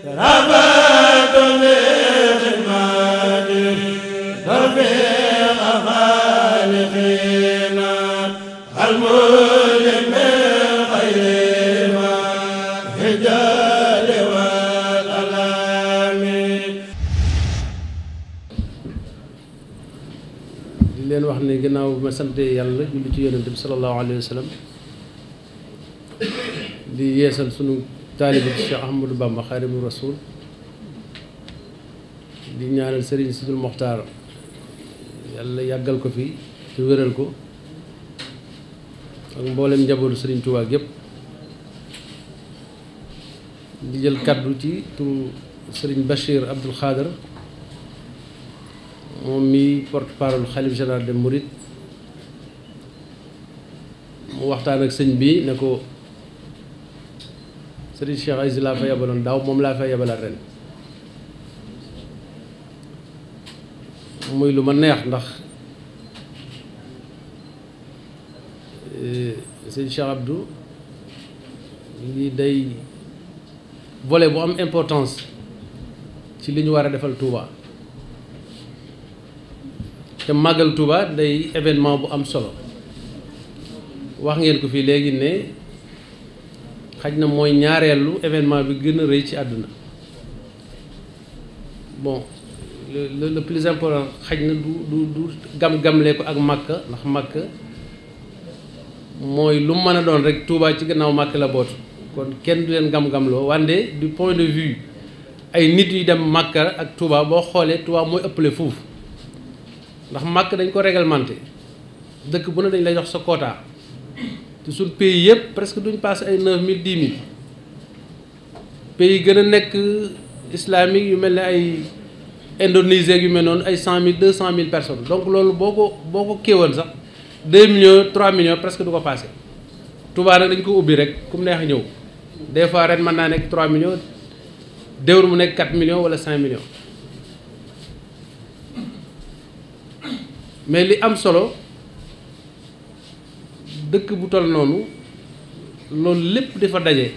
leen wax ne ginnaaw bi ma sante yàlla julli ci yonent bi sallallahu alayhi wa sallam yeesal sunu taalibe ci Cheikh Ahmadou Bamba Xaadimu Rasuul di ñaanal Serigne Sidul Moxtaar yàlla yàggal ko fi te wéral ko ak mboolem njabootu Serigne Touba gépp di jël kàddu ci turu Serigne Bachir Abdoul Khader moom mi porte parole xalif général de Mouride mu waxtaan ak sëñ bi ne ko. sëriñ Cheikh Aziz laa fa yabaloon daaw moom laa fa yabalaat ren muy lu ma neex ndax eh, sëñ Cheikh Abdou lii day vole bu am importance ci li ñu war a defal Touba te màggal Touba day événement bu am solo wax ngeen ko fii léegi ne xaj na mooy ñaareelu événement bi gën a rëy ci àdduna bon le le plus important xaj na du du du gam-gamlee ko ak Makka ndax Makka mooy lu mën a doon rek Touba ci gannaaw Makka la bootu kon kenn du leen gam-gamloo wande du point de vue ay nit yu dem Makka ak Touba boo xoolee Touba mooy ëppale foofu ndax Makka dañ ko réglementé dëkk bu ne dañ lay jox sa quota. te suñ pays yëpp presque duñ passe ay neuf mille dix mille pays gën a nekk islamique yu mel ni ay indonésie yu mel noonu ay cent mille deux cent mille personnes donc loolu boo ko boo ko kéewoon sax deux millions trois millions presque du ko passé Touba nag dañ ko ubbi rek ku mu neex ñëw des fois ren mën naa nekk trois millions déwén mu nekk quatre millions wala cinq millions mais li am solo dëkk bu tol noonu loolu lépp dafa daje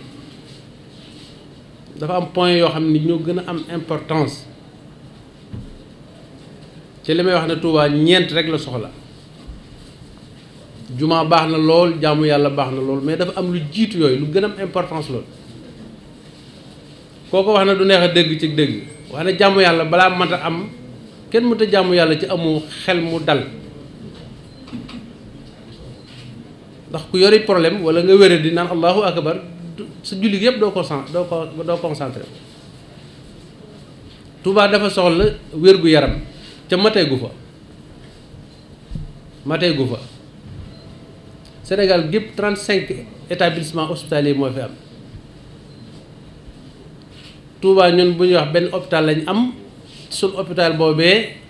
dafa am point yoo xam ni ñoo gën a am importance ci li may wax ne Touba ñeent rek la soxla jumaa baax na lool jàmm yàlla baax na lool mais dafa am lu jiitu yooyu lu gën am importance lool koo ko wax na du neex a dégg ci dégg wax jàmm yàlla balaa mat a am kenn mënta jaamu yàlla ci amul xel mu dal ndax ku yori problème wala nga wére di naan allahu akbar sa julli yëpp doo ko san doo ko doo concentré Touba dafa soxla wér gu yaram ca matee gu fa matee gu fa Sénégal gépp 35 établissement hospitalier moo fi am Touba ñun bu ñuy wax benn hôpital lañ am suñu hôpital boobee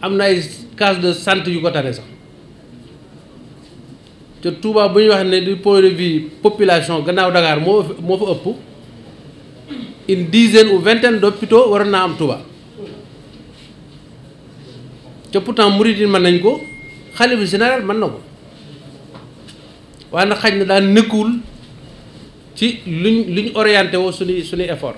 am na ay case de sant yu ko tane sax te Touba bu ñuy wax ne du point de vue population gannaaw Dakar moo moo fa ëpp une dizaine ou vingtaine d'hôpitaux waroon naa am Touba te pourtant murid yi mën nañ ko xale bi général mën na ko waaye na xaj na daal nekkuwul ci luñ luñ orienté woo suñuy suñuy effort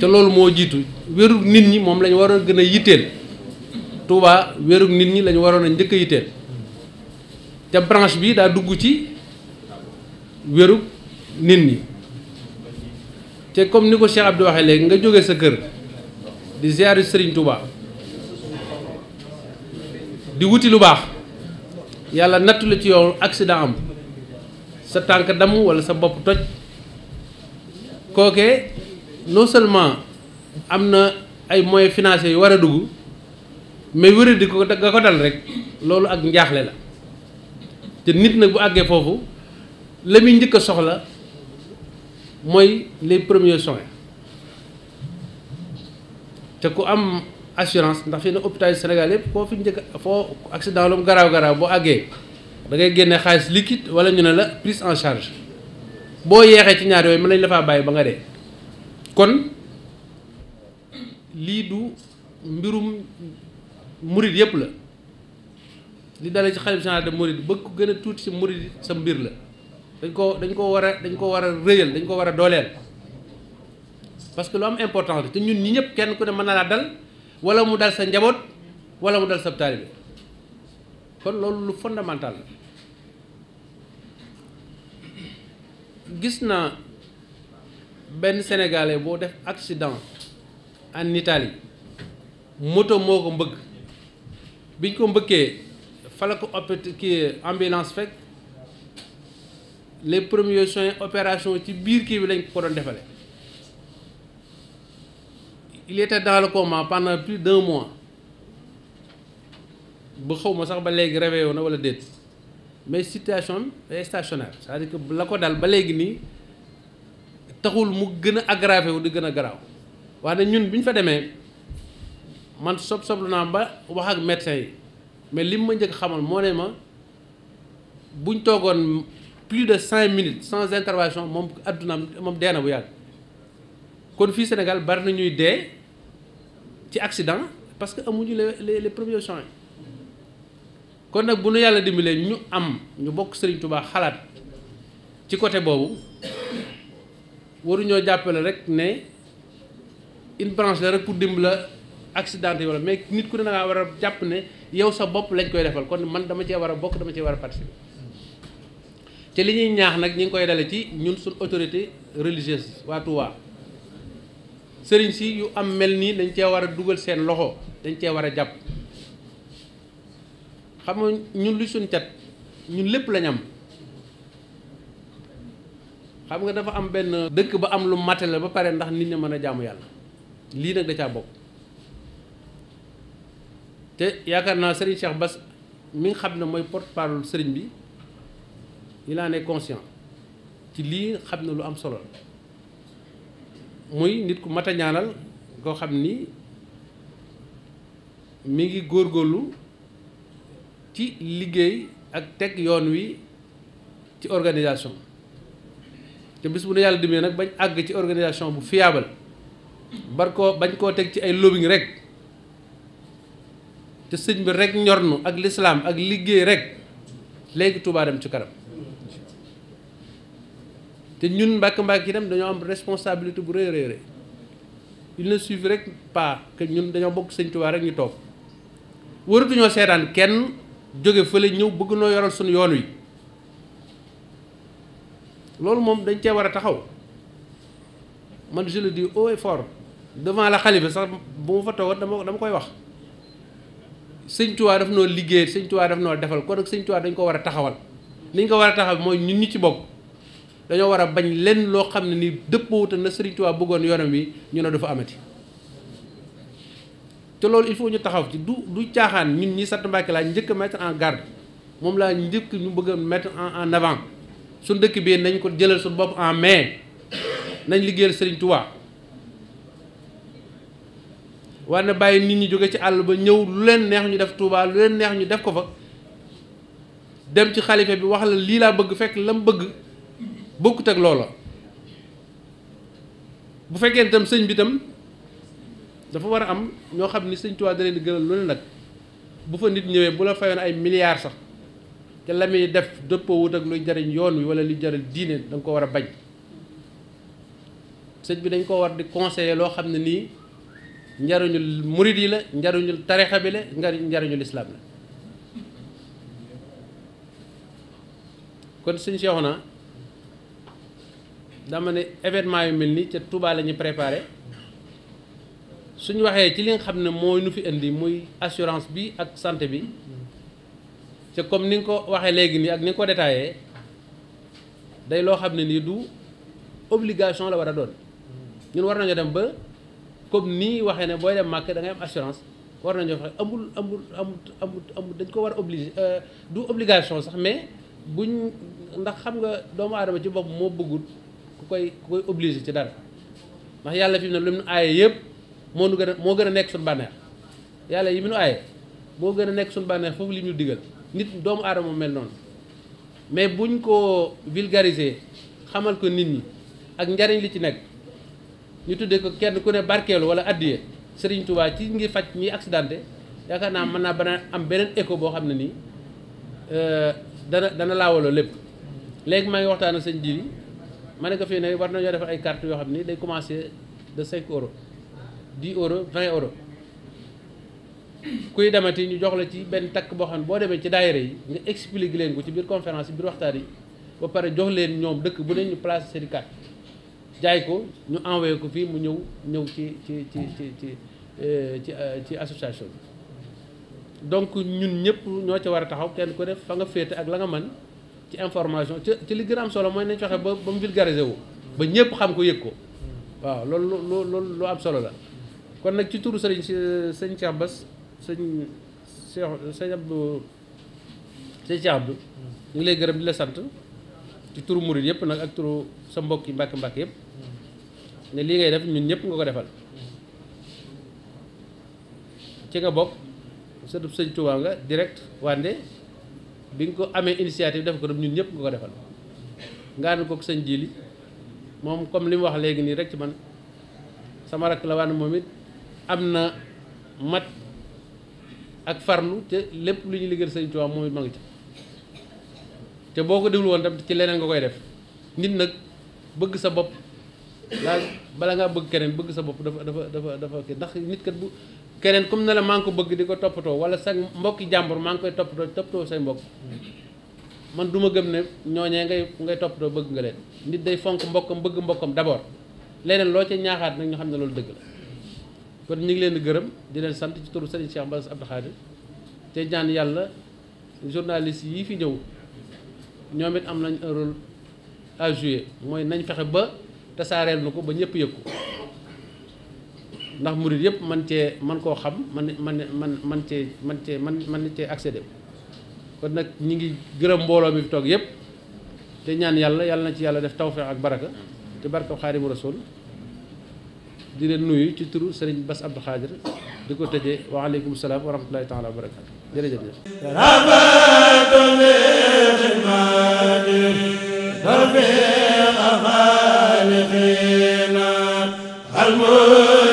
te loolu moo jiitu wérug nit ñi moom lañu waroon gën a yitteel Touba wérug nit ñi lañu waroon a njëkk a yitteel te branche bi daa dugg ci wérub nit ñi te comme ni ko Cheikh di waxee léegi nga jóge sa kër di ziaru Sëriñ Touba di wuti lu baax yàlla nattu la ci yoon accident am sa tànk damm walla sa bopp toj kooke non seulement am na ay moyens financiers yu war a dugg mais wéradi ko nga ko dal rek loolu ak njaaxle la te nit nag bu àggee foofu la muy njëkk a soxla mooy les premier soins te ku am assurance ndax fi ne hôpital yu Sénégal yëpp koo fi njëkk foo accident lu mu garaaw garaaw boo àggee da ngay génne xaalis liquide wala ñu ne la prise en charge boo yeexee ci ñaar yooyu mën nañ la bàyyi ba nga dee kon lii du mbirum murit yëpp la li dalee ci xalif général de Mouride bëgg ko gën a tuuti ci Mouride sa mbir la dañ koo dañ koo war a dañ koo war a rëyal dañ koo war a dooleel parce que lu am importance te ñun ñi ñëpp kenn ku ne mën na laa dal wala mu dal sa njaboot wala mu dal sa taalibe kon loolu lu fondamental la gis naa benn sénégalais boo def accident en Italie moto moo ko mbëgg biñ ko mbëggee fa la ko opéti kii ambulance fekk les premiers soins opération ci biir kii bi lañ ko doon defale il était dans ko coma pendant plus d'un mois bu xaw ma sax ba léegi réveillé na wala déet mais situation est stationnaire dire que la ko dal ba léegi nii taxul mu gën a aggravé wu di gën a garaaw waaye ñun bi ñu fa demee man sob soblu naa ba wax ak médecin yi mais lim ma njëkk xamoon moo ne ma buñ toogoon plus de cinq minutes sans intervention moom addunaam moom dee na bu yàgg kon fii Sénégal bari na ñuy dee ci accident parce que amuñu les les premiers soins kon nag bu nu yàlla dimbilee ñu am ñu bokk Serigne Touba xalaat ci côté boobu waruñoo jàppale rek ne une branche la rek pour dimbala. accidenté wala mais nit ku ne da war a jàpp ne yow sa bopp lañ koy defal kon man dama cee war a bokk dama cee war a participer te li ñuy ñaax nag ñu ngi koy dale ci ñun suñ autorité religieuse waa Touba sëriñ si yu am mel nii dañ cee war a dugal seen loxo dañ cee war a jàpp xam nga ñun lu suñ cat ñun lépp lañ am xam nga dafa am benn dëkk ba am lu matal la ba pare ndax nit ñi mën a jàmm yàlla lii nag da caa bokk te yaakaar naa Serigne Cheikh Bass mi xam ne mooy port parole sëriñ bi il laa ne conscient ci lii xam na lu am solo muy nit ku mat a ñaanal koo xam ni mi ngi góor góorlu ci liggéey ak teg yoon wi ci organisation te bis bu ne yàlla demee nag bañ àgg ci organisation bu fiable bar koo bañ koo teg ci ay lobbying rek. sëñ bi rek ñornu ak lislaam ak liggéey rek léegi Touba dem ci kanam te ñun mbàkk mbàkk dem dañoo am responsabilité bu rëy rëy rëy il ne suffit rek paa que ñun dañoo bokk sëñ Touba rek ñu toog waratuñoo seetaan kenn jóge fële ñëw bëgg noo yoral suñu yoon wi loolu moom dañ cee war a taxaw man je di dis haut et fort devant la xalifa sax bu ma fa toogoon dama dama koy wax sëñ Tuubaa daf noo liggéey sëñ Tuubaa daf noo defal kon nag sëñ Tuubaa dañ ko war a taxawal ni ñu ko war a taxawal mooy ñun ñi ci bopp dañoo war a bañ lenn loo xam ne ni dëppoowuta na sëriñ Tuubaa bëggoon yoonam wi ñu ne dafa amati te loolu il faut ñu taxaw ci du du caaxaan ñun ñi sant Mbàkke laa njëkk a mettre en garde moom laa njëkk ñu bëgg a mettre en avant su ndëkk bi nañ ko jëlal su bopp en mais nañ liggéeyal sëriñ Tuubaa war na bàyyi nit ñi jóge ci àll ba ñëw lu leen neex ñu def Touba lu leen neex ñu def ko fa dem ci xalifa bi wax la lii laa bëgg fekk lam bëgg bokkut ak loola bu fekkee sëñ bi tam dafa war a am ñoo xam ni sëñ Touba da di gënal lu nag bu nit ñëwee bu la fayoon ay milliards sax te la muy def dëppoo wut ak luy jariñ yoon wi wala luy jariñ diine da ko war a bañ sëñ bi dañ ko war di conseiller loo xam ne nii njariñul murid yi la njariñul tarixa bi la njariñul islaam la kon suñ seexu naa dama ne événement yu mel ni ca Touba la ñu préparé suñ waxee ci li xam ne moo nu fi indi muy assurance bi ak santé bi ca comme ni nga ko waxee léegi nii ak ni nga ko détaillé day loo xam ne nii du obligation la war a doon ñun war nañoo dem ba comme nii waxee ne booy dem màkk da ngay am assurance war nañoo fexe amul amul amul amul amul dañ ko war obligé euh, du obligation sax mais buñ ndax xam nga doomu aadama ci bopp moo bëggul ku koy ku koy obligé ci dara ndax yàlla fi mu ne lu mu yëpp moo nu gën a moo gën a nekk sun bànneex yàlla yi mu nu aaye moo gën a nekk sun bànneex foofu li ñu digal nit doomu aadama mel noonu mais buñ ko vulgariser xamal ko nit ñi ak njariñ li ci nekk ñu tuddee ko kenn ku ne barkeelu wala addiye Serigne Touba ci ngir faj ñi accidenté yaakaar naa mën naa bana am beneen écho boo xam ne nii euh, dana dana laawaloo lépp léegi maa ngi waxtaan ak sëñ ji ma ne ko fii ne war na ñoo defar ay cartes yoo xam ni day commencer de 5 euros 10 euros 20 euros kuy demati ñu jox la ci benn takk boo xam ne boo demee ci daayira yi nga expliquer leen ko ci biir conférence yi biir waxtaan yi ba pare jox leen ñoom dëkk bu ne ñu placer seen i jaay ko ñu envoyé ko fii mu ñëw ñëw ci ci ci ci ci euh, ci euh, ci association bi donc ñun ñëpp ñoo ca war a taxaw kenn ko def fa nga féete ak la nga mën ci information ci ci li gën am solo mooy nañ fexe ba ba mu vulgarisé wu ba ñëpp xam ko yëg ko waaw loolu lu loolu lu am solo la kon nag ci turu sëriñ sëñ Cheikh Bass sëñ Cheikh sëñ Abdou sëñ Cheikh Abdou ñu ngi lay gërëm di sant ci turu murid yëpp nag ak turu sa mbokki yi mbàkk mbàkk yëpp ne lii ngay def ñun ñëpp nga ko defal ci nga bokk sëtub sëñ Tuubaa nga direct wande bi nga ko amee initiative def ko def ñun ñëpp nga ko defal nga ànd kook sëñ Jili moom comme li wax léegi nii rek man sama rakk la moom am na mat ak farlu te lépp lu ñu liggéeyal sëñ Tuubaa moom it ma ngi te boo ko déglu woon tam ci leneen nga koy def nit nag bëgg sa bopp laal bala ngaa bëgg keneen bëgg sa bopp dafa dafa dafa dafa kii ndax nit kat bu keneen comme ne la maa ngi ko bëgg di ko toppatoo wala sa mbokki jàmbur maa ngi koy toppatoo toppatoo say mbokk man du ma gëm ne ñooñee ngay ngay toppatoo bëgg nga leen nit day fonk mbokkam bëgg mbokkam d'abord leneen loo ca ñaaxaat nag ñu xam ne loolu dëgg la kon ñu ngi leen di gërëm di leen sant ci turu Serigne Cheikh sa Abdou Khadir te ñaan yàlla journaliste yi fi ñëw ñoom nañ un rôle mooy nañ fexe ba tasaareel na ko ba ñëpp yëg ko ndax murit yëpp man cee man koo xam man man man man cee man cee man man cee accédé kon nag ñi ngi gërëm mbooloo mi fi toog yëpp te ñaan yàlla yàlla na ci yàlla def tawfeex ak baraka te barka Xaadimu Rasuul di leen nuyu ci turu Serigne Bass Abdou Khadir di ko tëjee waaleykum salaam wa rahmatullahi taala wa barakaatu jërëjëf ربي الخالقين